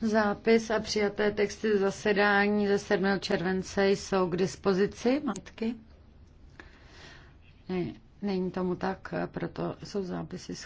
Zápis a přijaté texty zasedání ze 7. července jsou k dispozici, matky? Ne, není tomu tak, proto jsou zápisy schopné.